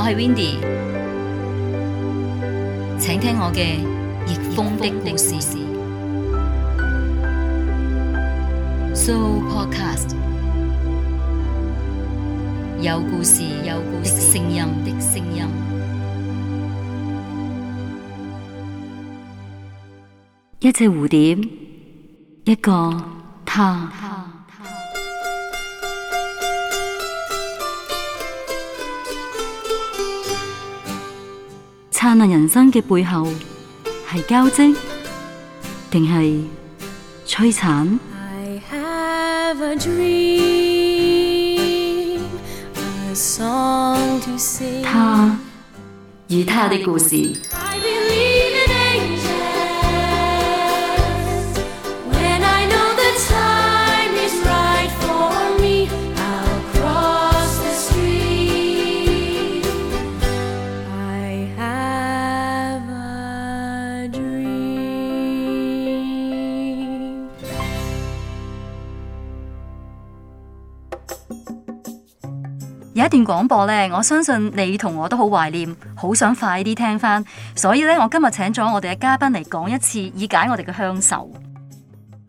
我係 Windy，請聽我嘅逆風的故事。So podcast 有故事有故事聲音的聲音，一隻蝴蝶，一個他。燦爛人生嘅背後，係交織定係摧殘？他與他的故事。一段廣播咧，我相信你同我都好懷念，好想快啲聽翻，所以咧，我今日請咗我哋嘅嘉賓嚟講一次，以解我哋嘅鄉愁。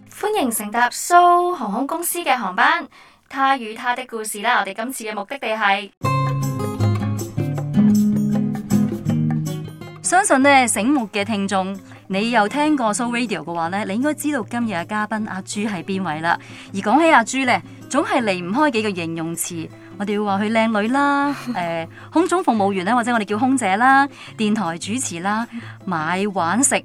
歡迎乘搭蘇、SO、航空公司嘅航班，他與他的故事啦。我哋今次嘅目的地、就、係、是，相信呢醒目嘅聽眾，你又聽過蘇、SO、Radio 嘅話咧，你應該知道今日嘅嘉賓阿朱係邊位啦。而講起阿朱咧，總係離唔開幾個形容詞。我哋要話佢靚女啦，誒、呃，空中服務員咧，或者我哋叫空姐啦，電台主持啦，買玩食，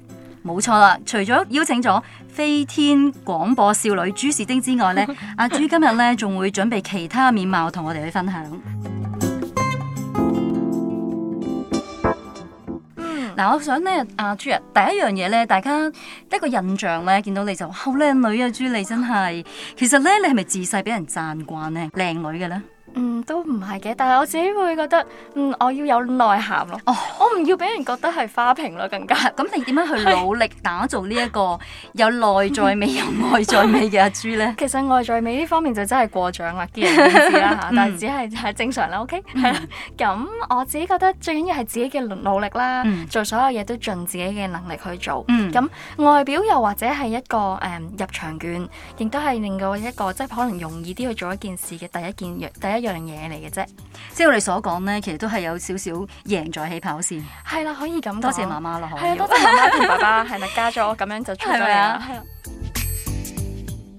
冇錯啦。除咗邀請咗飛天廣播少女朱仕丁之外咧，阿、 啊、朱今日咧仲會準備其他面貌同我哋去分享。嗱、嗯，我想咧，阿、啊、朱啊，第一樣嘢咧，大家一個印象咧，見到你就、啊、好靚女啊，朱莉真係。其實咧，你係咪自細俾人讚慣呢？靚女嘅咧？嗯，都唔係嘅，但係我自己會覺得，嗯，我要有內涵咯。哦，oh. 我唔要俾人覺得係花瓶咯，更加。咁 你點樣去努力打造呢一個有內在美有外在美嘅阿朱呢？ 其實外在美呢方面就真係過獎啦，啲人咁講，但係只係係 正常啦，OK？咁我自己覺得最緊要係自己嘅努力啦，嗯、做所有嘢都盡自己嘅能力去做。咁外表又或者係一個誒、嗯、入場券，亦都係令到一個即係可能容易啲去做一件事嘅第一件第一件。第一樣嘢嚟嘅啫，即係我哋所講呢，其實都係有少少贏在起跑線。係啦，可以咁多謝媽媽咯，多謝媽媽同爸爸，係咪 加咗我咁樣就出咗嚟。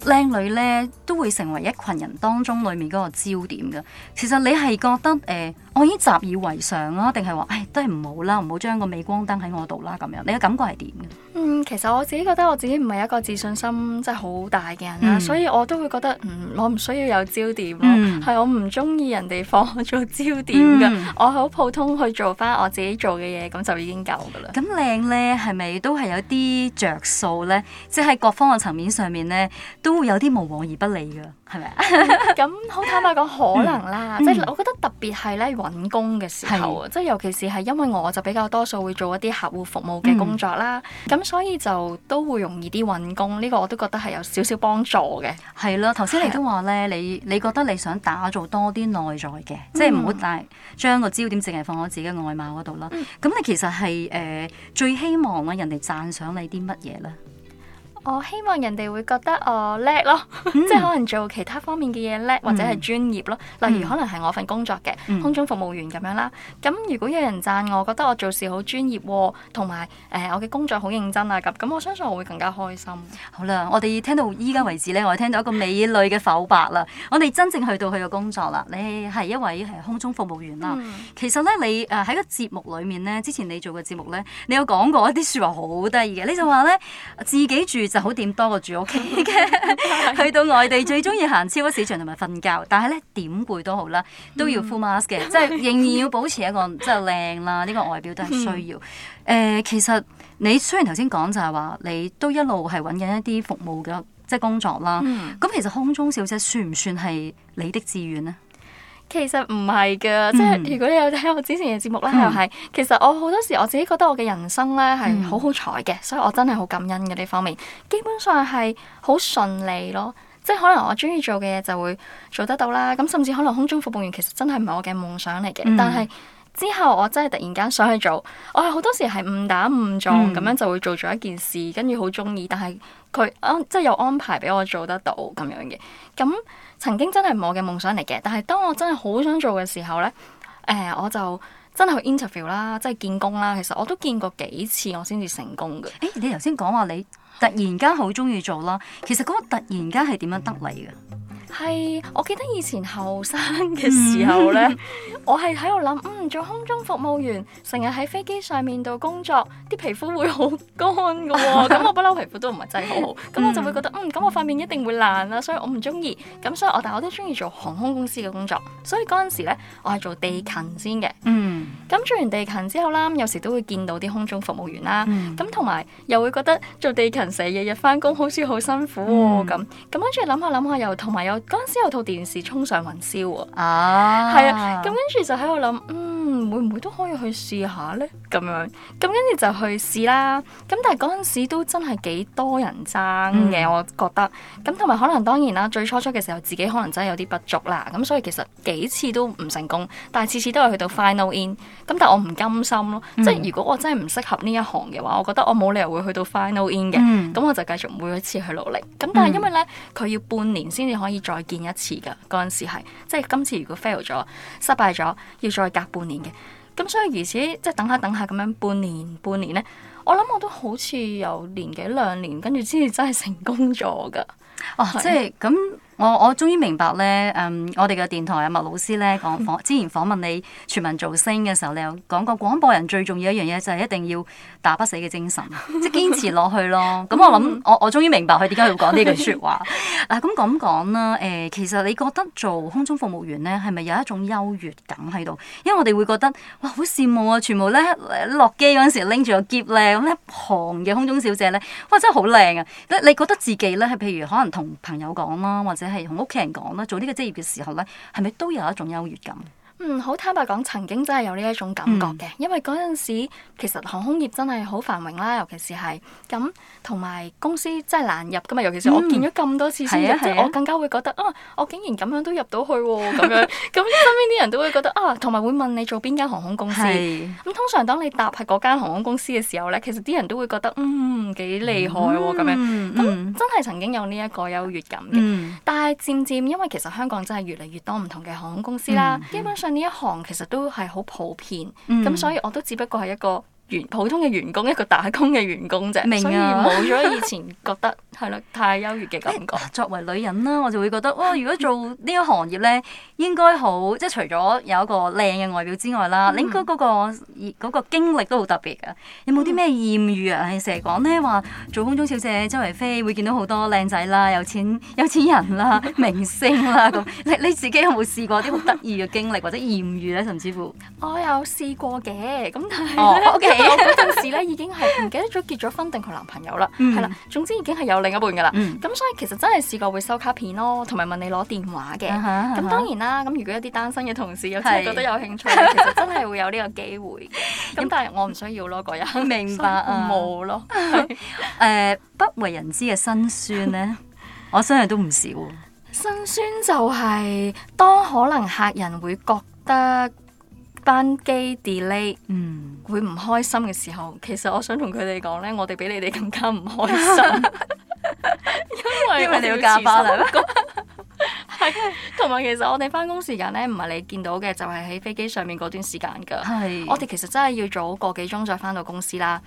靚女呢都會成為一群人當中裏面嗰個焦點噶。其實你係覺得誒。呃我已經習以為常、哎、啦，定係話，唉，都係唔好啦，唔好將個美光燈喺我度啦，咁樣，你嘅感覺係點嘅？嗯，其實我自己覺得我自己唔係一個自信心真係好大嘅人啦，嗯、所以我都會覺得，嗯，我唔需要有焦點咯，係、嗯、我唔中意人哋放我做焦點噶，嗯、我好普通去做翻我自己做嘅嘢，咁就已經夠噶啦。咁靚咧，係咪都係有啲着數咧？即、就、係、係、各方嘅層面上面咧，都會有啲無往而不利噶。咁好 坦白講，可能啦，嗯、即係我覺得特別係咧，揾工嘅時候，是即係尤其是係因為我就比較多數會做一啲客戶服務嘅工作啦，咁、嗯、所以就都會容易啲揾工，呢、呢個我都覺得係有少少幫助嘅。係咯，頭先你都話咧，是你你覺得你想打造多啲內在嘅，嗯、即係唔好帶將個焦點淨係放喺自己嘅外貌嗰度啦。咁、嗯、你其實係誒、呃、最希望咧人哋讚賞你啲乜嘢咧？我希望人哋會覺得我叻咯，mm. 即係可能做其他方面嘅嘢叻，或者係專業咯。例如可能係我份工作嘅、mm. 空中服務員咁樣啦。咁如果有人讚我，我覺得我做事好專業，同埋誒我嘅工作好認真啊咁，咁我相信我會更加開心。好啦，我哋聽到依家為止咧，我哋聽到一個美女嘅剖白啦。我哋真正去到佢嘅工作啦，你係一位係空中服務員啦。其實咧，你誒喺個節目裡面咧，之前你做嘅節目咧，你有講過一啲説話好得意嘅，你就話咧自己住，就好點多過住屋企嘅，去到外地最中意行超級市場同埋瞓覺。 但係咧點攰都好啦，都要 full mask 嘅，嗯、即係仍然要保持一個即係靚啦，呢、呢個外表都係需要。誒、嗯呃，其實你雖然頭先講就係話你都一路係揾緊一啲服務嘅即係工作啦，咁、嗯、其實空中小姐算唔算係你的志願呢？其實唔係噶，嗯、即係如果你有睇我之前嘅節目咧，又係、嗯、其實我好多時我自己覺得我嘅人生咧係好好彩嘅，嗯、所以我真係好感恩嘅呢方面。基本上係好順利咯，即係可能我中意做嘅嘢就會做得到啦。咁甚至可能空中服務員其實真係唔係我嘅夢想嚟嘅，嗯、但係之後我真係突然間想去做，我係好多時係誤打誤撞咁、嗯、樣就會做咗一件事，跟住好中意，但係佢即係有安，安排俾我做得到咁樣嘅咁。曾經真係我嘅夢想嚟嘅，但係當我真係好想做嘅時候呢，誒、呃、我就真係去 interview 啦，即係見工啦。其實我都見過幾次，我先至成功嘅。誒、欸，你頭先講話你突然間好中意做啦，其實嗰個突然間係點樣得嚟嘅？係，我記得以前後生嘅時候咧， 我係喺度諗，嗯，做空中服務員，成日喺飛機上面度工作，啲皮膚會好乾嘅喎、哦，咁我不嬲皮膚都唔係真係好好，咁、 嗯、我就會覺得，嗯，咁我塊面一定會爛喇，所以我唔中意，咁所以我但係我都中意做航空公司嘅工作，所以嗰陣時咧，我係做地勤先嘅，嗯，咁做完地勤之後啦，有時都會見到啲空中服務員啦，咁同埋又會覺得做地勤成日日日返工，天天好似好辛苦喎、哦，咁、嗯，咁跟住諗下諗下又同埋有，有。嗰陣時有套電視衝上雲霄喎，係啊，咁跟住就喺度諗，嗯，會唔會都可以去試下咧？咁樣，咁跟住就去試啦。咁但係嗰陣時都真係幾多人爭嘅，嗯、我覺得。咁同埋可能當然啦，最初初嘅時候自己可能真係有啲不足啦。咁所以其實幾次都唔成功，但係次次都係去到 final in。咁但係我唔甘心咯，嗯、即係如果我真係唔適合呢一行嘅話，我覺得我冇理由會去到 final in 嘅。咁、嗯、我就繼續每一次去努力。咁但係因為咧，佢要半年先至可以再。再見一次噶，嗰陣時係，即係今次如果 fail 咗，失敗咗，要再隔半年嘅，咁所以如此，即係等下等下咁樣半年半年呢，我諗我都好似有年幾兩年，跟住之至真係成功咗噶，哦、啊，是即係咁。我我終於明白咧，嗯，我哋嘅電台啊，麥老師咧講訪之前訪問你全民造星嘅時候，你有講過廣播人最重要一樣嘢就係一定要打不死嘅精神，即係堅持落去咯。咁、嗯嗯、我諗我我終於明白佢點解要講呢句說話 啊，咁咁講啦，誒其實你覺得做空中服務員咧，係咪有一種優越感喺度？因為我哋會覺得哇，好羨慕啊！全部咧落機嗰陣時拎住個篋咧，咁一旁嘅空中小姐咧，哇，真係好靚啊！你你覺得自己咧，係譬如可能同朋友講啦，或者？係同屋企人講啦，做呢個職業嘅時候咧，係咪都有一種優越感？嗯，好坦白講，曾經真係有呢一種感覺嘅，嗯、因為嗰陣時其實航空業真係好繁榮啦，尤其是係咁同埋公司真係難入噶嘛，尤其是我見咗咁多次先，嗯啊啊、即係我更加會覺得啊，我竟然咁樣都入到去喎、啊、咁 樣，咁身邊啲人都會覺得啊，同埋會問你做邊間航空公司，咁是、嗯、通常當你搭係嗰間航空公司嘅時候咧，其實啲人都會覺得嗯幾厲害咁、啊嗯、樣，咁、嗯嗯、真係曾經有呢一個優越感嘅，嗯、但係漸漸因為其實香港真係越嚟越多唔同嘅航空公司啦，嗯、基本上。呢一行其實都係好普遍，咁、嗯、所以我都只不過係一個員普通嘅員工，一個打工嘅員工啫，明啊，所以冇咗以前覺得係咯太優越嘅感覺。作為女人啦，我就會覺得哇，如果做呢一行業咧，應該好即係除咗有一個靚嘅外表之外啦，你應該嗰個嗰個經歷都好特別噶有冇啲咩艷遇啊？係成日講咧話做空中小姐周圍飛，會見到好多靚仔啦、有錢有錢人啦、明星啦咁。你你自己有冇試過啲好得意嘅經歷或者艷遇咧？甚至乎我有試過嘅，咁但係咧。我嗰陣時咧已經係唔記得咗結咗婚定佢男朋友啦，係啦、嗯，總之已經係有另一半噶啦。咁、嗯、所以其實真係試過會收卡片咯，同埋問你攞電話嘅。咁、uh huh, uh huh、當然啦，咁如果有一啲單身嘅同事有時覺得有興趣 其實真係會有呢個機會。咁但係我唔需要咯，個人、嗯嗯、明白啊冇咯。誒， uh, 不為人知嘅辛酸呢， 我相信都唔少。辛酸就係當可能客人會覺得，班機 delay、嗯、會唔開心嘅時候，其實我想同佢哋講咧，我哋比你哋更加唔開心， 因為你要加班。係， 同埋其實我哋翻工時間咧，唔係你見到嘅，就係、是、喺飛機上面嗰段時間㗎。係是，我哋其實真係要早個幾鐘再翻到公司啦。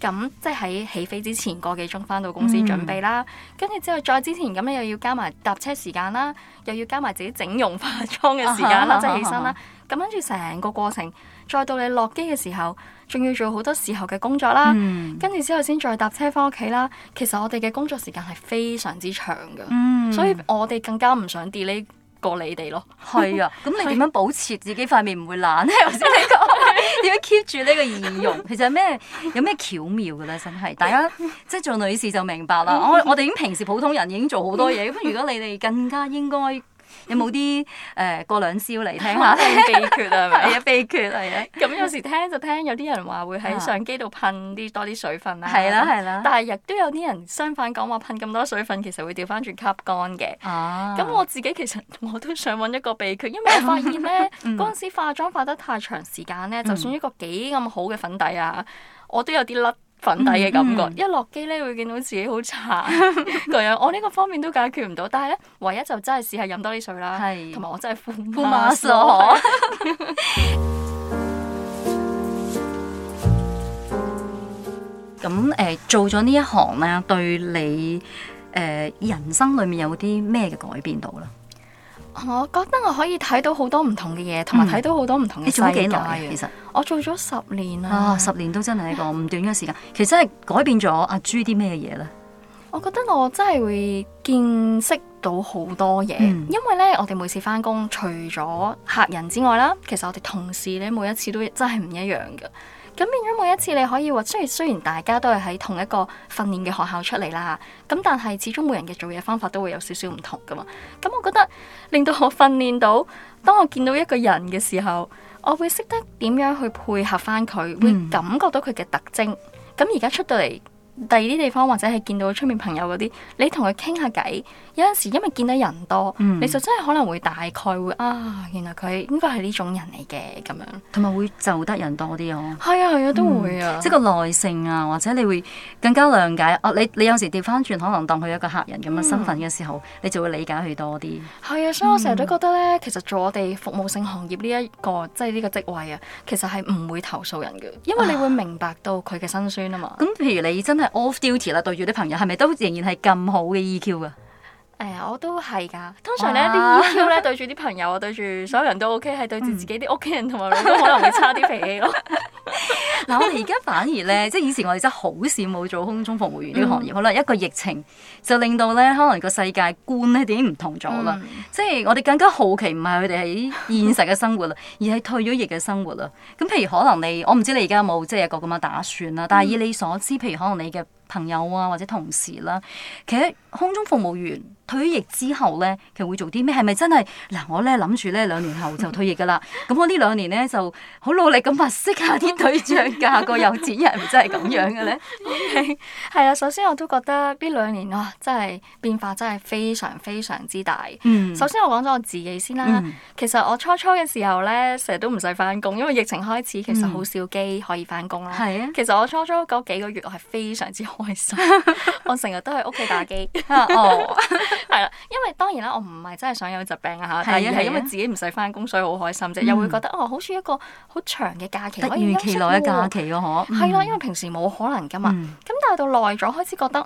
咁即係喺起飛之前個幾鐘翻到公司準備啦，跟住、嗯、之後再之前咁咧又要加埋搭車時間啦，又要加埋自己整容化妝嘅時間、啊、啦，即係起身啦。啊哈哈哈。咁跟住成個過程，再到你落機嘅時候，仲要做好多時候嘅工作啦。跟住之後先再搭車翻屋企啦。其實我哋嘅工作時間係非常之長嘅，嗯、所以我哋更加唔想 delay 過你哋咯。係啊，咁你點樣保持自己塊面唔會爛咧？或者你講點樣 keep 住呢個儀容？其實咩有咩巧妙嘅咧？真係大家即係、就是、做女士就明白啦。我我哋已經平時普通人已經做好多嘢咁。 如果你哋更加應該。有冇啲誒過兩招嚟聽下啲秘訣啊？係咪啊 秘訣係啊。咁 有時聽就聽，有啲人話會喺相機度噴啲多啲水分啊。係啦係啦。吧但係亦都有啲人相反講話噴咁多水分，其實會掉翻轉吸乾嘅。咁、啊、我自己其實我都想揾一個秘訣，因為我發現呢嗰陣時化妝化得太長時間呢，就算一個幾咁好嘅粉底啊，我都有啲甩。 粉底嘅感覺，嗯嗯一落機咧會見到自己好慘 樣，我呢個方面都解決唔到，但係咧唯一就真係試下飲多啲水啦，同埋是我真係敷敷 mask。咁誒，做咗呢一行咧，對你誒、呃、人生裏面有啲咩嘅改變到啦？我覺得我可以睇到好多唔同嘅嘢，同埋睇到好多唔同嘅世界。嗯、你做咗幾耐啊？其實我做咗十年啦，啊，十年都真係一個唔短嘅時間。其實真係改變咗阿朱啲咩嘢咧？我覺得我真係會見識到好多嘢，嗯、因為咧我哋每次翻工，除咗客人之外啦，其實我哋同事咧每一次都真係唔一樣嘅。咁變咗每一次，你可以話，雖然雖然大家都係喺同一個訓練嘅學校出嚟啦，咁但係始終每人嘅做嘢方法都會有少少唔同㗎嘛。咁我覺得令到我訓練到，當我見到一個人嘅時候，我會識得點樣去配合返佢，嗯、會感覺到佢嘅特徵。咁而家出到嚟。第二啲地方或者係見到出面朋友嗰啲，你同佢傾下偈，有陣時因為見到人多，嗯、你就真係可能會大概會啊，原來佢應該係呢種人嚟嘅咁樣，同埋會就得人多啲咯。係啊，係啊，都會啊，即個、嗯即係，耐性啊，或者你會更加諒解。哦、啊，你你有時調翻轉可能當佢一個客人咁嘅，嗯、身份嘅時候，你就會理解佢多啲。係啊，所以我成日都覺得咧，其實做我哋服務性行業呢一個即係呢個職位啊，其實係唔會投訴人嘅，因為你會明白到佢嘅辛酸啊嘛。咁唉譬如你真係。Off-duty 啦，對住啲朋友係咪都仍然係咁好嘅 EQ 㗎？誒、哎，我都係㗎。通常咧，啲 E Q 咧對住啲朋友啊，對住所有人都 O K，係對住自己啲屋企人同埋老公可能會差啲脾氣咯。嗱，我哋而家反而咧，即係以前我哋真係好羨慕做空中服務員呢個行業，可能、嗯、一個疫情就令到咧，可能個世界觀咧已經唔同咗啦。即係、嗯、我哋更加好奇，唔係佢哋喺現實嘅生活啦，嗯、而係退咗役嘅生活啦。咁譬如可能你，我唔知你而家有冇即係有、就是、個咁嘅打算啦。但係以你所知，譬如可能你嘅。朋友啊，或者同事啦、啊，其實空中服務員退役之後咧，其實會做啲咩？係咪真係嗱？我咧諗住咧兩年後就退役噶啦。咁 我呢兩年咧就好努力咁物色下啲對象，嫁個有錢人係咪真，唔知係咁樣嘅咧。係 啊，首先我都覺得呢兩年啊真係變化真係非常非常之大。嗯、首先我講咗我自己先啦。嗯、其實我初初嘅時候咧，成日都唔使翻工，因為疫情開始其實好少機可以翻工啦。 啊、 其實我初初嗰幾，幾個月我係非常之好。開心， 我成日都喺屋企打機， 哦，係啦，因為當然啦，我唔係真係想有疾病啊吓，但係係因為自己唔使翻工，所以好開心啫，嗯、又會覺得哦，好似一個好長嘅假期，突如其來嘅假期嘅、啊、嗬，係啦、哎嗯，因為平時冇可能噶嘛，咁、嗯、但係到耐咗，開始覺得。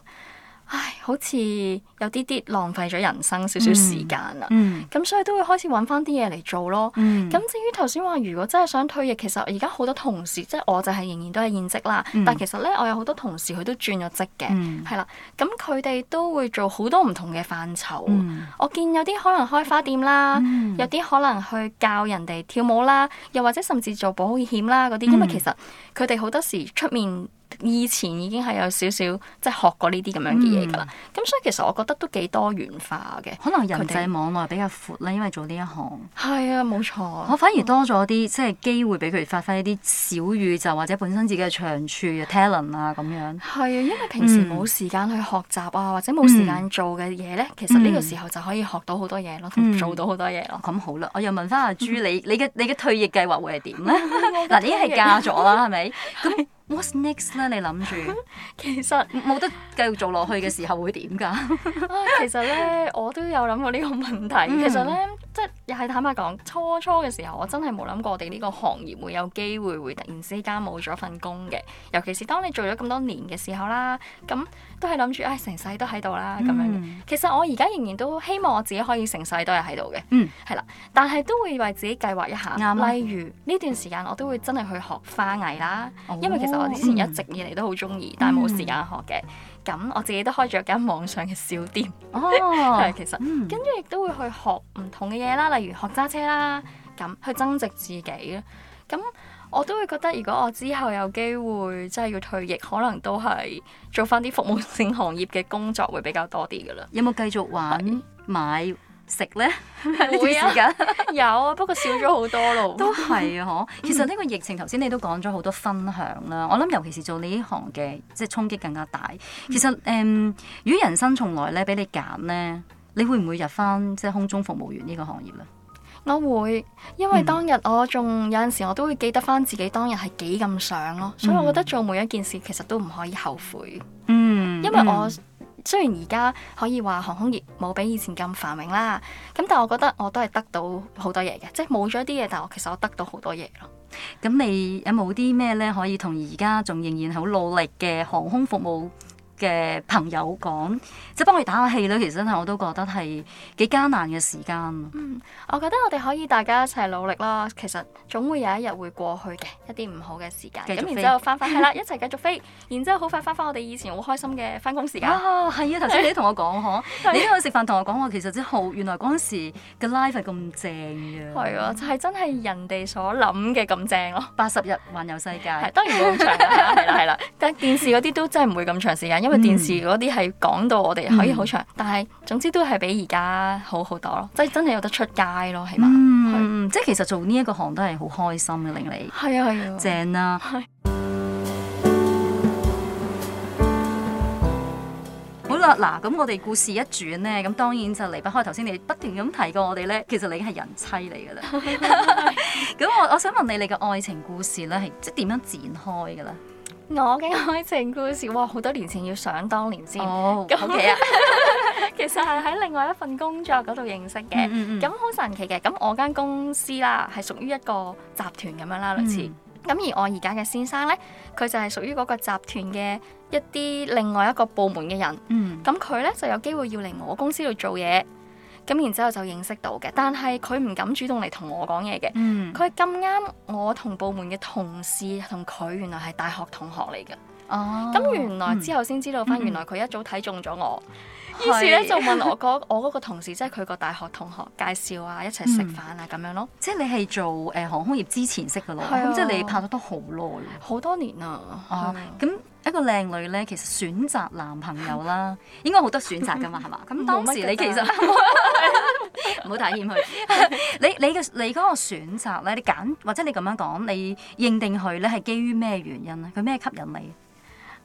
唉，好似有啲啲浪費咗人生少少時間啊。咁、嗯嗯、所以都會開始揾翻啲嘢嚟做咯。咁、嗯、至於頭先話如果真係想退役，其實而家好多同事，即係我就係仍然都係現職啦。嗯、但其實咧，我有好多同事佢都轉咗職嘅，係、嗯、啦。咁佢哋都會做好多唔同嘅範疇。嗯、我見有啲可能開花店啦，嗯、有啲可能去教人哋跳舞啦，又或者甚至做保險啦嗰啲。因為其實佢哋好多時出面。以前已經係有少少即係學過呢啲咁樣嘅嘢㗎啦，咁所以其實我覺得都幾多元化嘅，可能人際網絡比較闊啦，因為做呢一行係啊，冇錯。我反而多咗啲即係機會俾佢發揮一啲小宇宙，或者本身自己嘅長處 talent 啊咁樣。係啊，因為平時冇時間去學習啊，或者冇時間做嘅嘢咧，其實呢個時候就可以學到好多嘢咯，同做到好多嘢咯。咁好啦，我又問翻阿朱你，你嘅你嘅退役計劃會係點咧？嗱，已經係嫁咗啦，係咪？what's next 咧？你諗住？其實冇得繼續做落去嘅時候會點㗎？ 啊，其實咧，我都有諗過呢個問題嘅。嗯，其實呢即係又係坦白講，初初嘅時候我真係冇諗過我哋呢個行業會有機會會突然之間冇咗份工嘅。尤其是當你做咗咁多年嘅時候啦，咁都係諗住，唉成世都喺度啦，嗯、咁樣。其實我而家仍然都希望我自己可以成世都係喺度嘅。嗯，係啦，但係都會為自己計劃一下。嗯、例如呢段時間我都會真係去學花藝啦，哦、因為其實我之前一直以嚟都好中意，嗯、但係冇時間學嘅。咁我自己都開咗間網上嘅小店， 係、哦、 其實，嗯、跟住亦都會去學唔同嘅嘢啦，例如學揸車啦，咁去增值自己啦。咁我都會覺得，如果我之後有機會真係要退役，可能都係做翻啲服務性行業嘅工作會比較多啲噶啦。有冇繼續玩是的 買？食咧，呢啲時間有啊，不過少咗好多咯。都係啊，嗬。其實呢個疫情頭先、 嗯、你都講咗好多分享啦。我諗尤其是做你呢行嘅，即係衝擊更加大。其實誒，嗯嗯、如果人生從來咧俾你揀咧，你會唔會入翻即係空中服務員呢個行業咧？我會，因為當日我仲、嗯、有陣時我都會記得翻自己當日係幾咁想咯。所以我覺得做每一件事其實都唔可以後悔。嗯，因為我。嗯雖然而家可以話航空業冇比以前咁繁榮喇，咁但係我覺得我都係得到好多嘢嘅，即係冇咗啲嘢，但係我其實我得到好多嘢囉。咁你有冇啲咩呢？可以同而家仲仍然好努力嘅航空服務嘅朋友講，即、就、係、是、幫我哋打下氣咯。其實真係我都覺得係幾艱難嘅時間、嗯、我覺得我哋可以大家一齊努力啦。其實總會有一日會過去嘅一啲唔好嘅時間。咁然之後翻返係啦， 一齊繼續飛。然之後好快翻返我哋以前好開心嘅翻工時間。哦、啊，係啊！頭先 你都同我講，嗬，你都去食飯同我講話，其實之後原來嗰陣時嘅 life 係咁正嘅、啊。係啊，就係、是、真係人哋所諗嘅咁正咯、啊。八十日環遊世界，係當然冇咁長啦、啊。係啦係啦， 但電視嗰啲都真係唔會咁長時間，因因為電視嗰啲係講到我哋可以好長，嗯、但係總之都係比而家好好多咯，即係真係有得出街咯，係嘛、嗯？即係其實做呢一個行都係好開心嘅，令你係啊係啊，正啦對。好啦，嗱，咁我哋故事一轉呢，咁當然就離不開頭先你不斷咁提過我哋呢，其實你已經係人妻嚟噶啦。咁我我想問你，你嘅愛情故事呢係即係點樣展開噶咧？我嘅愛情故事，哇！好多年前要想當年先，咁、oh, okay. 其實係喺另外一份工作嗰度認識嘅，咁好、mm hmm. 神奇嘅。咁我間公司啦，係屬於一個集團咁樣啦，類似。咁、mm hmm. 而我而家嘅先生呢，佢就係屬於嗰個集團嘅一啲另外一個部門嘅人。嗯、mm。咁佢呢，就有機會要嚟我公司度做嘢。咁然之後就認識到嘅，但係佢唔敢主動嚟同我講嘢嘅。佢咁啱我同部門嘅同事同佢原來係大學同學嚟嘅。咁、哦、原來、嗯、之後先知道返，原來佢一早睇中咗我。於是咧，呢 就問我個嗰個同事，即係佢個大學同學介紹啊，一齊食飯啊，咁樣咯。嗯、即係你係做誒、呃、航空業之前識嘅咯，咁、啊、即係你拍咗都好耐。好多年啊！啊，咁、啊、一個靚女咧，其實選擇男朋友啦， 應該好多選擇噶嘛，係嘛、 嗯？咁當時你其實唔好睇厭佢。你你嘅你嗰個選擇咧，你揀或者你咁樣講，你認定佢咧係基於咩原因咧？佢咩吸引你？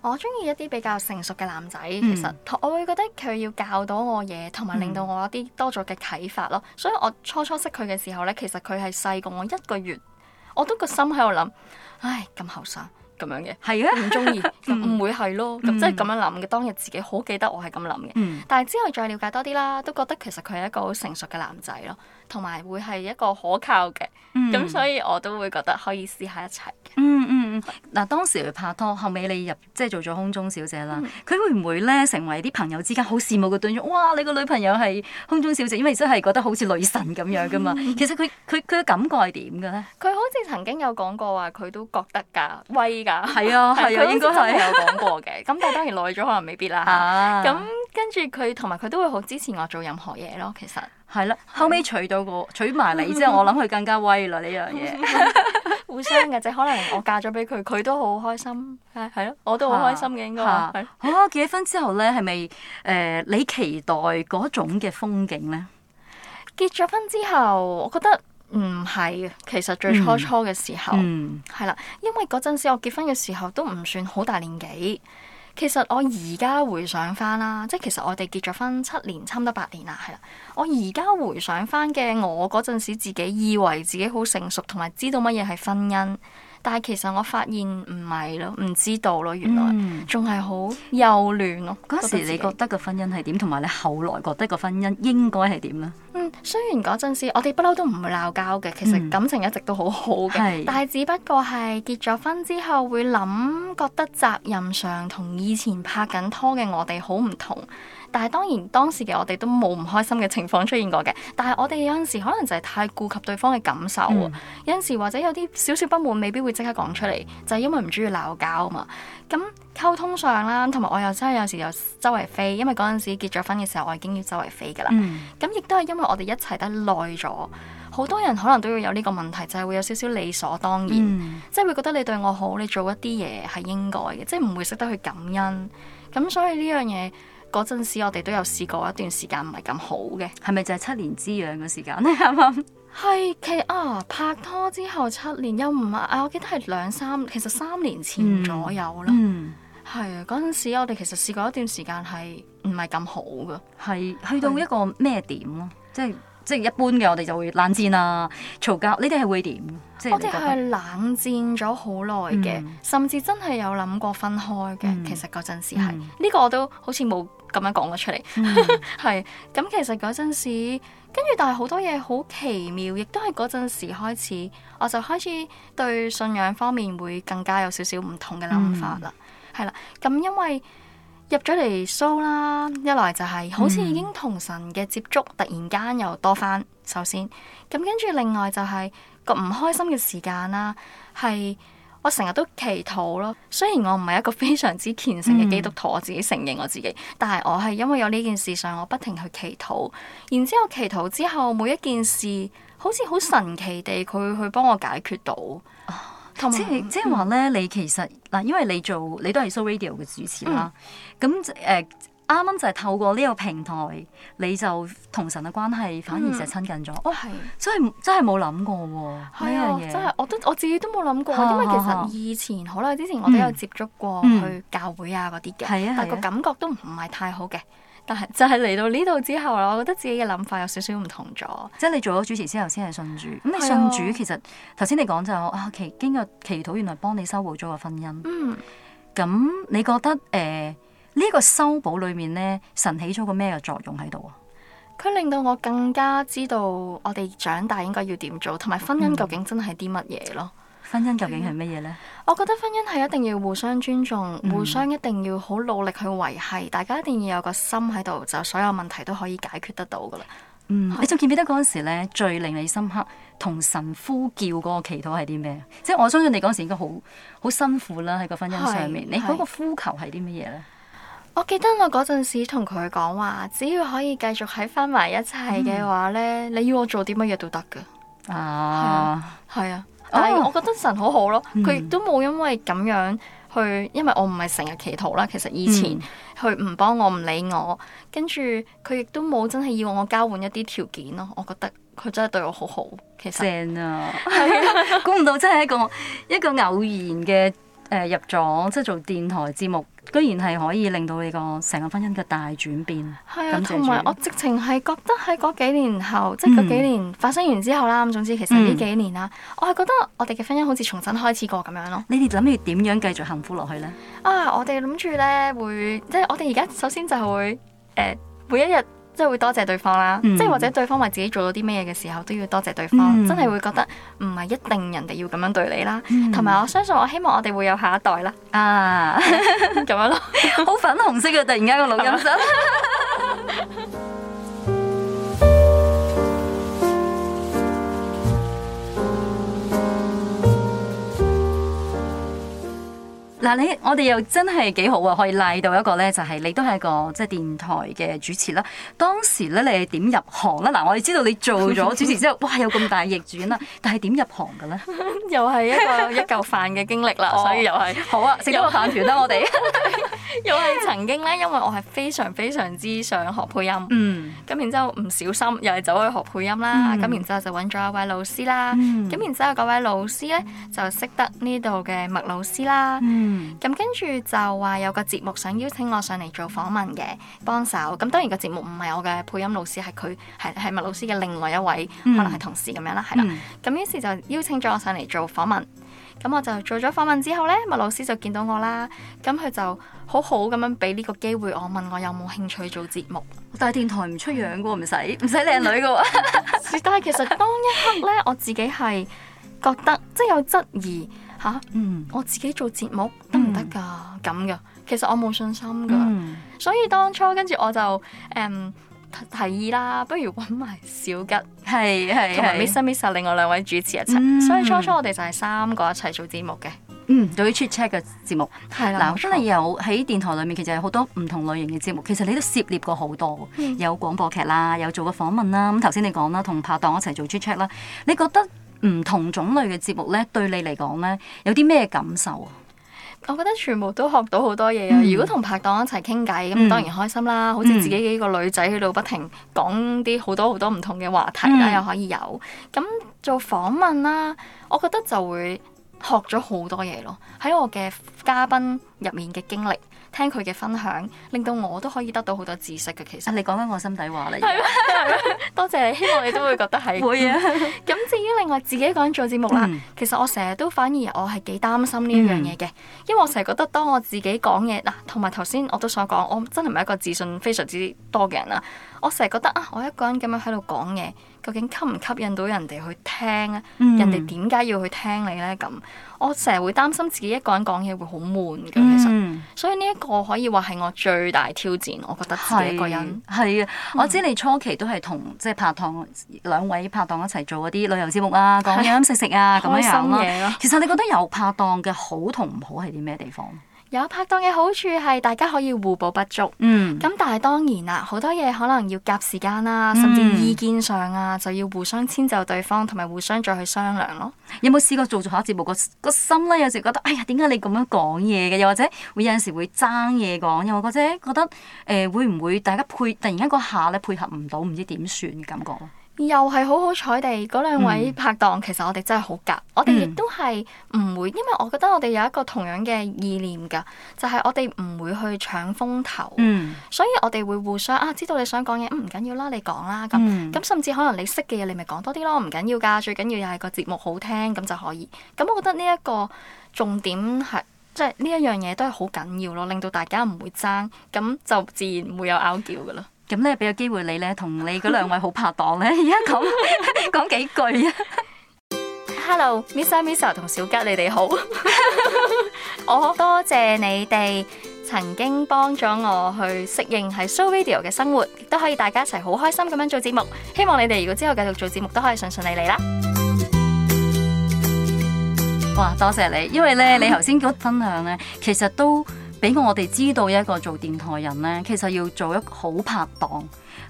我中意一啲比較成熟嘅男仔，其實我會覺得佢要教到我嘢，同埋令到我有啲多咗嘅啟發咯。所以我初初識佢嘅時候咧，其實佢係細過我一個月，我都個心喺度諗，唉咁後生咁樣嘅，係啊唔中意，唔 會係咯，咁即係咁樣諗嘅 當日自己好記得我係咁諗嘅。但係之後再了解多啲啦，都覺得其實佢係一個好成熟嘅男仔咯，同埋會係一個可靠嘅，咁 所以我都會覺得可以試下一齊。嗯嗯嗯，嗱、嗯、當時佢拍拖，後尾你入即係做咗空中小姐啦。佢、嗯、會唔會咧成為啲朋友之間好羨慕嘅對象？哇！你個女朋友係空中小姐，因為真係覺得好似女神咁樣噶嘛。其實佢佢佢嘅感覺係點嘅咧？佢好似曾經有講過話，佢都覺得㗎威㗎。係啊係啊，應該係。啊、有講過嘅。咁 但係當然耐咗，可能未必啦。咁、啊啊、跟住佢同埋佢都會好支持我做任何嘢咯。其實。係啦，後尾娶到個娶埋你之後，我諗佢更加威啦呢樣嘢。 互相嘅啫，可能我嫁咗俾佢，佢都好開心，係係咯，我都好開心嘅應該。好 了結咗婚之後咧，係咪誒你期待嗰種嘅風景咧？結咗婚之後，我覺得唔係，其實最初初嘅時候係啦，嗯嗯，因為嗰陣時我結婚嘅時候都唔算好大年紀。其實我而家回想翻啦，即係其實我哋結咗婚七年，差唔多八年啦，係啦。我而家回想翻嘅我嗰陣時，自己以為自己好成熟，同埋知道乜嘢係婚姻，但係其實我發現唔係咯，唔知道咯，原來仲係好幼嫩咯。嗰、嗯、時你覺得個婚姻係點，同埋你後來覺得個婚姻應該係點咧？雖然嗰陣時我哋不嬲都唔會鬧交嘅，其實感情一直都好好嘅，嗯、但係只不過係結咗婚之後會諗，覺得責任上同以前拍緊拖嘅我哋好唔同。但係當然當時嘅我哋都冇唔開心嘅情況出現過嘅。但係我哋有陣時可能就係太顧及對方嘅感受，嗯、有陣時或者有啲少少不滿未必會即刻講出嚟，就係、是、因為唔中意鬧交啊嘛。咁、嗯。溝通上啦，同埋我又真係有時又周圍飛，因為嗰陣時結咗婚嘅時候，我已經要周圍飛㗎喇。咁亦都係因為我哋一齊得耐咗，好多人可能都要有呢個問題，就係、是、會有少少理所當然，嗯、即係會覺得你對我好，你做一啲嘢係應該嘅，即係唔會識得去感恩。咁所以呢樣嘢嗰陣時，我哋都有試過一段時間唔係咁好嘅。係咪就係七年之癢嘅時間呢？啱唔啱？其啊，拍拖之後七年又唔係啊？我記得係兩三，其實三年前左右啦。嗯嗯係啊，嗰陣時我哋其實試過一段時間係唔係咁好嘅，係去到一個咩點咯是？即係即係一般嘅，我哋就會冷戰啊、嘈交。你哋係會點？即係我哋係冷戰咗好耐嘅，嗯、甚至真係有諗過分開嘅。嗯、其實嗰陣時係呢、嗯、個我都好似冇咁樣講咗出嚟。係咁、嗯， 其實嗰陣時，跟住但係好多嘢好奇妙，亦都係嗰陣時開始，我就開始對信仰方面會更加有少少唔同嘅諗法啦。嗯係啦，咁、嗯嗯、因為入咗嚟 show 啦，一來就係好似已經同神嘅接觸突然間又多翻。首先，咁、嗯嗯嗯、跟住另外就係個唔開心嘅時間啦，係我成日都祈禱咯。雖然我唔係一個非常之虔誠嘅基督徒，嗯、我自己承認我自己，但係我係因為有呢件事上，我不停去祈禱。然之後祈禱之後，每一件事好似好神奇地，佢去幫我解決到。嗯嗯即係即係話咧，嗯、你其實嗱，因為你做你都係收 radio 嘅主持啦，咁誒啱啱就係透過呢個平台，你就同神嘅關係反而就係親近咗。哦係，真係、哦啊、麼真係冇諗過喎呢樣嘢，真係我都我自己都冇諗過，啊、因為其實以前、啊、好耐之前我都有接觸過去教會啊嗰啲嘅，啊啊、但係個感覺都唔係太好嘅。但係就係嚟到呢度之後啦，我覺得自己嘅諗法有少少唔同咗。即係你做咗主持之後，先係信主。咁你、嗯、信主其實頭先你講就是、啊，經過祈禱原來幫你修補咗個婚姻。嗯，咁你覺得誒呢、呃這個修補裏面咧，神起咗個咩嘅作用喺度啊？佢令到我更加知道我哋長大應該要點做，同埋婚姻究竟真係啲乜嘢咯？嗯婚姻究竟係乜嘢呢？我覺得婚姻係一定要互相尊重，嗯、互相一定要好努力去維係，大家一定要有個心喺度，就所有問題都可以解決得到噶啦。嗯，是你仲記唔記得嗰陣時咧，最令你深刻同神呼叫嗰個祈禱係啲咩？即係我相信你嗰陣時應該好好辛苦啦喺個婚姻上面，是你嗰個呼求係啲乜嘢呢？我記得我嗰陣時同佢講話，只要可以繼續喺翻埋一齊嘅話咧，嗯、你要我做啲乜嘢都得噶。啊，係啊。唉，但係我覺得神好好咯，佢亦都冇因為咁樣去，因為我唔係成日祈禱啦。其實以前佢唔、嗯、幫我、唔理我，跟住佢亦都冇真係要我交換一啲條件咯。我覺得佢真係對我好好，其實。正啊、， 係啊、估唔到真係一個一個偶然嘅。誒、呃、入咗即係做電台節目，居然係可以令到你個成個婚姻嘅大轉變。係啊，同埋我直情係覺得喺嗰幾年後，嗯、即係嗰幾年發生完之後啦。咁總之其實呢幾年啦，嗯、我係覺得我哋嘅婚姻好似重新開始過咁樣咯。你哋諗住點樣繼續幸福落去咧？啊！我哋諗住咧會，即係我哋而家首先就會誒每一日。即係會多謝對方啦，嗯、即係或者對方話自己做到啲咩嘢嘅時候，都要多謝對方。嗯、真係會覺得唔係一定人哋要咁樣對你啦。同埋、嗯、我相信，我希望我哋會有下一代啦。啊，咁樣咯，好粉紅色嘅突然間個錄音室。 嗱你，我哋又真係幾好啊！可以賴到一個咧，就係、是、你都係個即係電台嘅主持啦。當時咧，你係點入行咧？嗱、啊，我哋知道你做咗主持之後，哇，有咁大逆轉啦、啊！但係點入行嘅咧？ 又係一個一嚿飯嘅經歷啦， 所以又係好啊，食咗是個飯團啦， 我哋們 又係曾經咧，因為我係非常非常之想學配音，咁、mm. 然之後唔小心又係走去學配音啦，咁、mm. 然之後就揾咗一位老師啦，咁、mm. 然之後嗰位老師咧就識得呢度嘅麥老師啦。咁、嗯、跟住就話有個節目想邀請我上嚟做訪問嘅幫手，咁當然個節目唔係我嘅配音老師，係佢係係麥老師嘅另外一位，嗯、可能係同事咁樣啦，係啦。咁、嗯、於是就邀請咗我上嚟做訪問，咁我就做咗訪問之後呢，麥老師就見到我啦，咁佢就好好咁樣俾呢個機會我，問我有冇興趣做節目。但係電台唔出樣喎，唔使唔使靚女嘅喎。 但係其實當一刻呢，我自己係覺得即係、就是、有質疑。嚇！嗯，我自己做節目得唔得㗎？咁嘅，其實我冇信心㗎。所以當初跟住我就誒提議啦，不如搵埋小吉，係係同埋 miss miss 曬另外兩位主持一齊。所以初初我哋就係三個一齊做節目嘅。嗯，做啲 check check 嘅節目。係啦，嗱，真係有喺電台裡面，其實有好多唔同類型嘅節目。其實你都涉獵過好多，有廣播劇啦，有做過訪問啦。咁頭先你講啦，同拍檔一齊做 check check 啦。你覺得，唔同種類嘅節目咧，對你嚟講咧，有啲咩感受啊？我覺得全部都學到好多嘢啊！嗯、如果同拍檔一齊傾偈咁，當然開心啦。嗯、好似自己幾個女仔喺度不停講啲好多好多唔同嘅話題啦、啊，嗯、又可以有咁做訪問啦、啊。我覺得就會學咗好多嘢咯。喺我嘅嘉賓入面嘅經歷。聽佢嘅分享，令到我都可以得到好多知識嘅。其實你講緊我心底話咧，嗎 多謝你，希望你都會覺得係會啊。咁 至於另外自己一個人做節目啦，嗯、其實我成日都反而我係幾擔心呢樣嘢嘅，嗯、因為我成日覺得當我自己講嘢嗱，同埋頭先我都想講，我真係唔係一個自信非常之多嘅人啦。我成日覺得啊，我一個人咁樣喺度講嘢。究竟吸唔吸引到人哋去聽咧？嗯、人哋點解要去聽你咧？咁我成日會擔心自己一個人講嘢會好悶㗎。其實，嗯、所以呢一個可以話係我最大挑戰。我覺得自己一個人係啊。嗯、我知你初期都係同即係拍檔兩位拍檔一齊做嗰啲旅遊節目啊，講飲飲食食啊咁樣樣啦。啊、其實你覺得有拍檔嘅好同唔好係啲咩地方？有一拍檔嘅好處係大家可以互補不足。咁、嗯、但係當然啦，好多嘢可能要夾時間啦，甚至意見上啊、嗯、就要互相遷就對方，同埋互相再去商量咯。有冇試過做做下節目個個心咧？有時覺得哎呀，點解你咁樣講嘢嘅？又或者會有陣時會爭嘢講，又或者得覺得誒、呃、會唔會大家配突然間嗰下咧配合唔到，唔知點算嘅感覺？又係好好彩地，嗰兩位拍檔、嗯、其實我哋真係好夾，嗯、我哋亦都係唔會，因為我覺得我哋有一個同樣嘅意念噶，就係、是、我哋唔會去搶風頭，嗯、所以我哋會互相啊，知道你想講嘢，唔唔緊要啦，你講啦咁，咁、嗯、甚至可能你識嘅嘢，你咪講多啲咯，唔緊要噶，最緊要又係個節目好聽，咁就可以。咁我覺得呢一個重點係，即係呢一樣嘢都係好緊要咯，令到大家唔會爭，咁就自然會有拗撬噶啦。咁咧，俾個機會你咧，同你嗰兩位好拍檔咧，而家講講幾句啊！Hello，Miss A，Miss A 同小吉，你哋好， 我好多謝你哋曾經幫咗我去適應係 Show Video 嘅生活，亦都可以大家一齊好開心咁樣做節目。希望你哋如果之後繼續做節目，都可以順順利利啦。哇，多謝你，因為咧，你頭先嗰分享咧，其實都～俾我哋知道一個做電台人咧，其實要做一個好拍檔，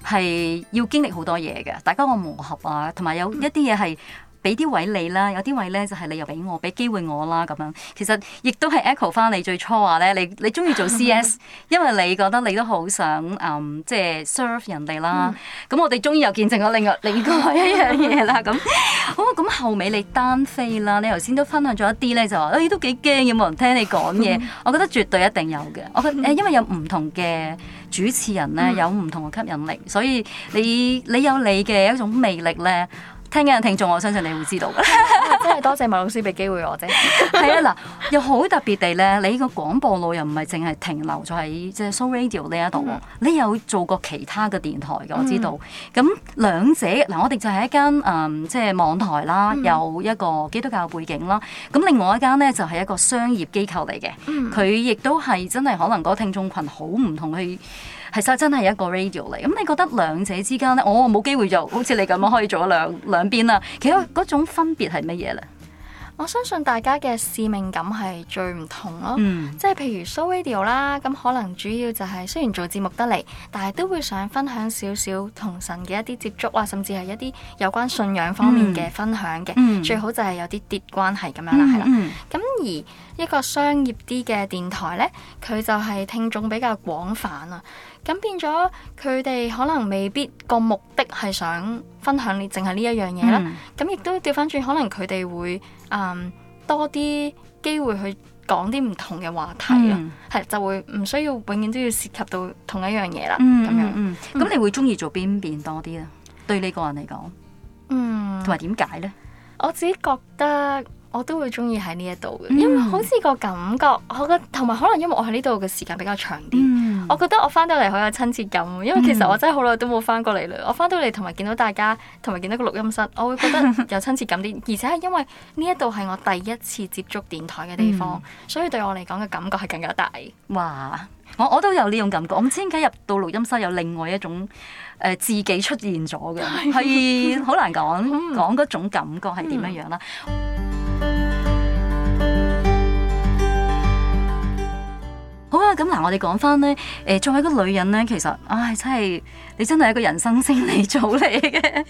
係要經歷好多嘢嘅，大家個磨合啊，同埋有，有一啲嘢係。俾啲位你啦，有啲位咧就係你又俾我，俾機會我啦咁樣。其實亦都係 echo 翻你最初話咧，你你中意做 CS， 因為你覺得你都好想、嗯、即係 serve 人哋啦。咁、嗯、我哋終於又見證咗另外另一個樣嘢 啦。咁好，咁後尾你單飛啦，你頭先都分享咗一啲咧，就話誒都幾驚有冇人聽你講嘢。 我覺得絕對一定有嘅。我覺得、嗯、因為有唔同嘅主持人咧，有唔同嘅吸引力，所以你你有你嘅一種魅力咧。聽緊嘅聽眾，我相信你會知道。 真係多謝麥老師俾機會我啫。係啊，嗱，又好特別地咧，你個廣播路又唔係淨係停留咗喺即係 So Radio 呢一度喎。嗯、你有做過其他嘅電台嘅，我知道。咁、嗯、兩者嗱，我哋就係一間誒，即、嗯、係、就係、網台啦，有一個基督教背景啦。咁另外一間咧，就係、係、一個商業機構嚟嘅。佢亦都係真係可能嗰個聽眾群好唔同氣。其實真係一個 radio 嚟，咁你覺得兩者之間呢？我、哦、冇機會就好似你咁樣可以做兩兩邊啦。其實嗰種分別係乜嘢呢？我相信大家嘅使命感係最唔同咯。嗯、即係譬如 so radio 啦，咁可能主要就係雖然做節目得嚟，但係都會想分享少少同神嘅一啲接觸啊，甚至係一啲有關信仰方面嘅分享嘅。嗯、最好就係有啲碟關係咁樣、嗯、啦。係啦、嗯，咁、嗯、而一個商業啲嘅電台呢，佢就係聽眾比較廣泛啊。咁變咗，佢哋可能未必個目的係想分享你，淨係呢一樣嘢啦。咁、嗯、亦都調翻轉，可能佢哋會啊、嗯、多啲機會去講啲唔同嘅話題咯，係、嗯、就會唔需要永遠都要涉及到同一樣嘢啦。咁、嗯、樣咁，嗯、你會中意做邊邊多啲咧？對你個人嚟講，嗯，同埋點解呢？我自己覺得我都會中意喺呢一度嘅，嗯、因為好似個感覺，我覺得同埋可能因為我喺呢度嘅時間比較長啲。嗯我覺得我翻到嚟好有親切感，因為其實我真係好耐都冇翻過嚟啦。嗯、我翻到嚟同埋見到大家，同埋見到個錄音室，我會覺得有親切感啲。 而且係因為呢一度係我第一次接觸電台嘅地方，嗯、所以對我嚟講嘅感覺係更加大。嘩！我我都有呢種感覺。我唔知點解入到錄音室有另外一種誒、呃、自己出現咗嘅，係好是 難講講嗰種感覺係點樣樣啦。嗯好啊，咁嗱，我哋講翻咧，誒，作為一個女人咧，其實，唉，真係你真係一個人生勝利組嚟嘅。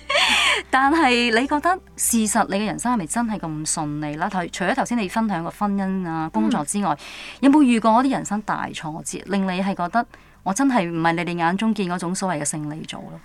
但係你覺得事實，你嘅人生係咪真係咁順利啦？頭除咗頭先你分享個婚姻啊、工作之外，嗯、有冇遇過啲人生大挫折，令你係覺得我真係唔係你哋眼中見嗰種所謂嘅勝利組咯？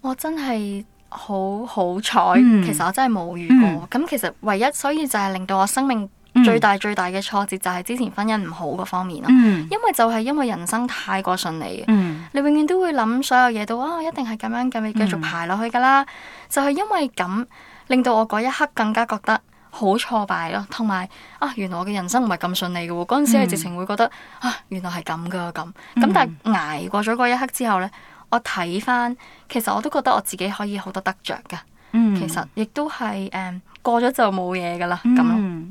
我真係好好彩，嗯、其實我真係冇遇過。咁、嗯嗯、其實唯一，所以就係令到我生命。最大最大嘅挫折就係之前婚姻唔好嗰方面咯，mm hmm. 因為就係因為人生太過順利，mm hmm. 你永遠都會諗所有嘢都啊一定係咁樣，咁你繼續排落去噶啦。Mm hmm. 就係因為咁，令到我嗰一刻更加覺得好挫敗咯，同埋啊，原來我嘅人生唔係咁順利嘅喎。嗰陣時係直情會覺得、mm hmm. 啊，原來係咁噶，咁咁，但係捱過咗嗰一刻之後咧，我睇翻其實我都覺得我自己可以好多得着噶，mm hmm. 其實亦都係誒過咗就冇嘢噶啦咁。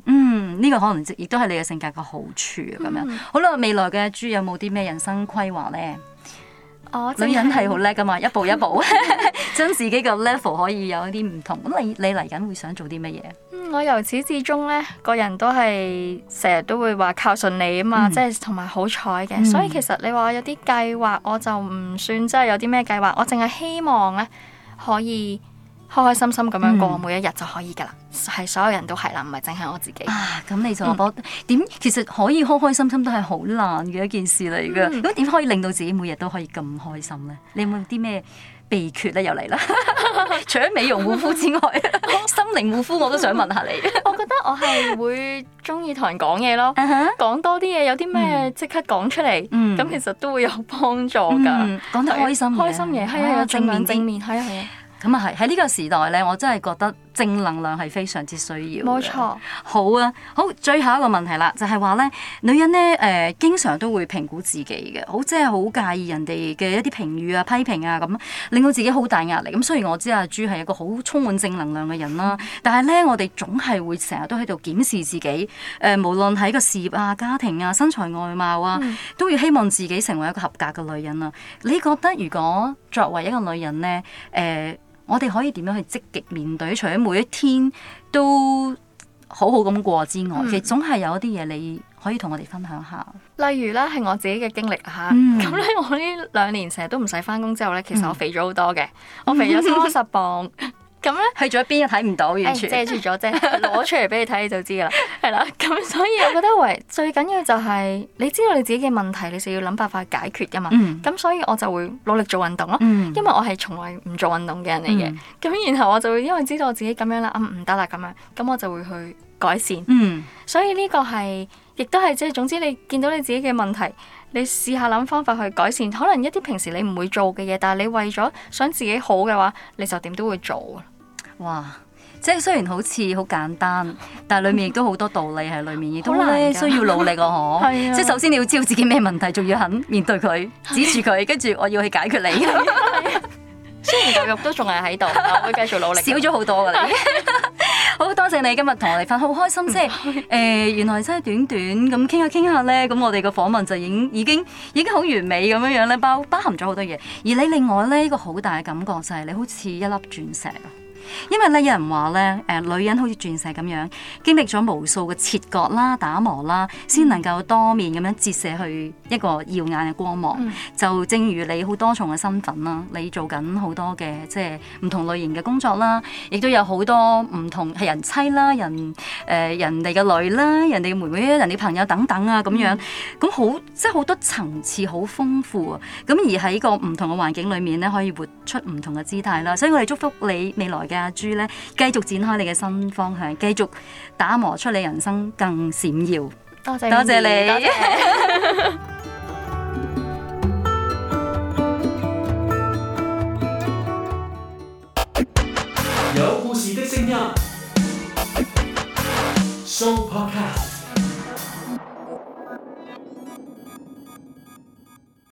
呢個可能亦都係你嘅性格嘅好處咁樣，嗯、好啦。未來嘅朱有冇啲咩人生規劃咧？哦，我女人係好叻噶嘛，一步一步、嗯、 將自己個 level 可以有一啲唔同。咁你你嚟緊會想做啲乜嘢？嗯，我由始至終咧，個人都係成日都會話靠順你啊嘛，嗯，即係同埋好彩嘅。嗯、所以其實你話有啲計劃，我就唔算真係有啲咩計劃，我淨係希望咧可以。開開心心咁樣過每一日就可以噶啦，係所有人都係啦，唔係淨係我自己。啊，咁你就覺得點？其實可以開開心心都係好難嘅一件事嚟噶。咁點可以令到自己每日都可以咁開心咧？你有冇啲咩秘訣咧？又嚟啦！除咗美容護膚之外，心靈護膚我都想問下你。我覺得我係會中意同人講嘢咯，講多啲嘢，有啲咩即刻講出嚟，咁其實都會有幫助噶。講得開心嘅，開心嘢，係啊，正面正面，係啊，係啊。咁啊，係喺呢個時代咧，我真係覺得正能量係非常之需要。冇錯，好啊，好，最後一個問題啦，就係話咧，女人咧，誒、呃，經常都會評估自己嘅，好即係好介意人哋嘅一啲評語啊、批評啊，咁令到自己好大壓力。咁雖然我知阿朱係一個好充滿正能量嘅人啦，嗯、但係咧，我哋總係會成日都喺度檢視自己。誒、呃，無論喺個事業啊、家庭啊、身材外貌啊，嗯、都要希望自己成為一個合格嘅女人啊。你覺得如果作為一個女人咧，誒、呃，呃呃呃我哋可以點樣去積極面對？除咗每一天都好好咁過之外，嗯、其實總係有一啲嘢你可以同我哋分享下。例如咧，係我自己嘅經歷吓，咁咧、嗯、我呢兩年成日都唔使返工之後咧，其實我肥咗好多嘅，嗯、我肥咗三十磅。 咁咧去咗邊又睇唔到，完全、哎、遮住咗啫。攞出嚟俾你睇，你就知噶啦。係啦， 咁所以我覺得，喂，最緊要就係你知道你自己嘅問題，你就要諗辦法解決噶嘛。咁、嗯、所以我就會努力做運動咯，嗯、因為我係從來唔做運動嘅人嚟嘅。咁、嗯、然後我就會因為知道我自己咁樣、嗯、啦，啊唔得啦咁樣，咁我就會去改善。嗯、所以呢個係亦都係即係，總之你見到你自己嘅問題，你試下諗方法去改善。可能一啲平時你唔會做嘅嘢，但係你為咗想自己好嘅話，你就點都會做。哇！即係雖然好似好簡單，但係裏面亦都好多道理喺 裏面，亦都咧需要努力哦。嗬、 啊，即係首先你要知道自己咩問題，仲要肯面對佢， 啊、指住佢，跟住我要去解決你。雖然教育都仲係喺度，我會繼續努力，少咗、啊啊、 好多。嚟，好 多謝你今日同我哋訓，好開心即。誒、 呃，原來真係短短咁傾下傾下呢，咁我哋個訪問就已經已經已經好完美咁樣樣咧，包包含咗好多嘢。而你另外呢一、這個好大嘅感覺就係你好似一粒鑽石，石。因為咧，有人話咧，誒、呃，女人好似鑽石咁樣，經歷咗無數嘅切割啦、打磨啦，先能夠多面咁樣折射去一個耀眼嘅光芒。嗯、就正如你好多重嘅身份啦，你做緊好多嘅即係唔同類型嘅工作啦，亦都有好多唔同係人妻啦、人誒、呃、人哋嘅女啦、人哋嘅妹妹、人哋朋友等等啊咁樣，咁、嗯、好即係好多層次好豐富啊。咁而喺個唔同嘅環境裏面咧，可以活出唔同嘅姿態啦。所以我哋祝福你未來嘅，阿朱咧，繼續展開你嘅新方向，繼續打磨出你人生更閃耀。多謝多謝你。有故事的聲音。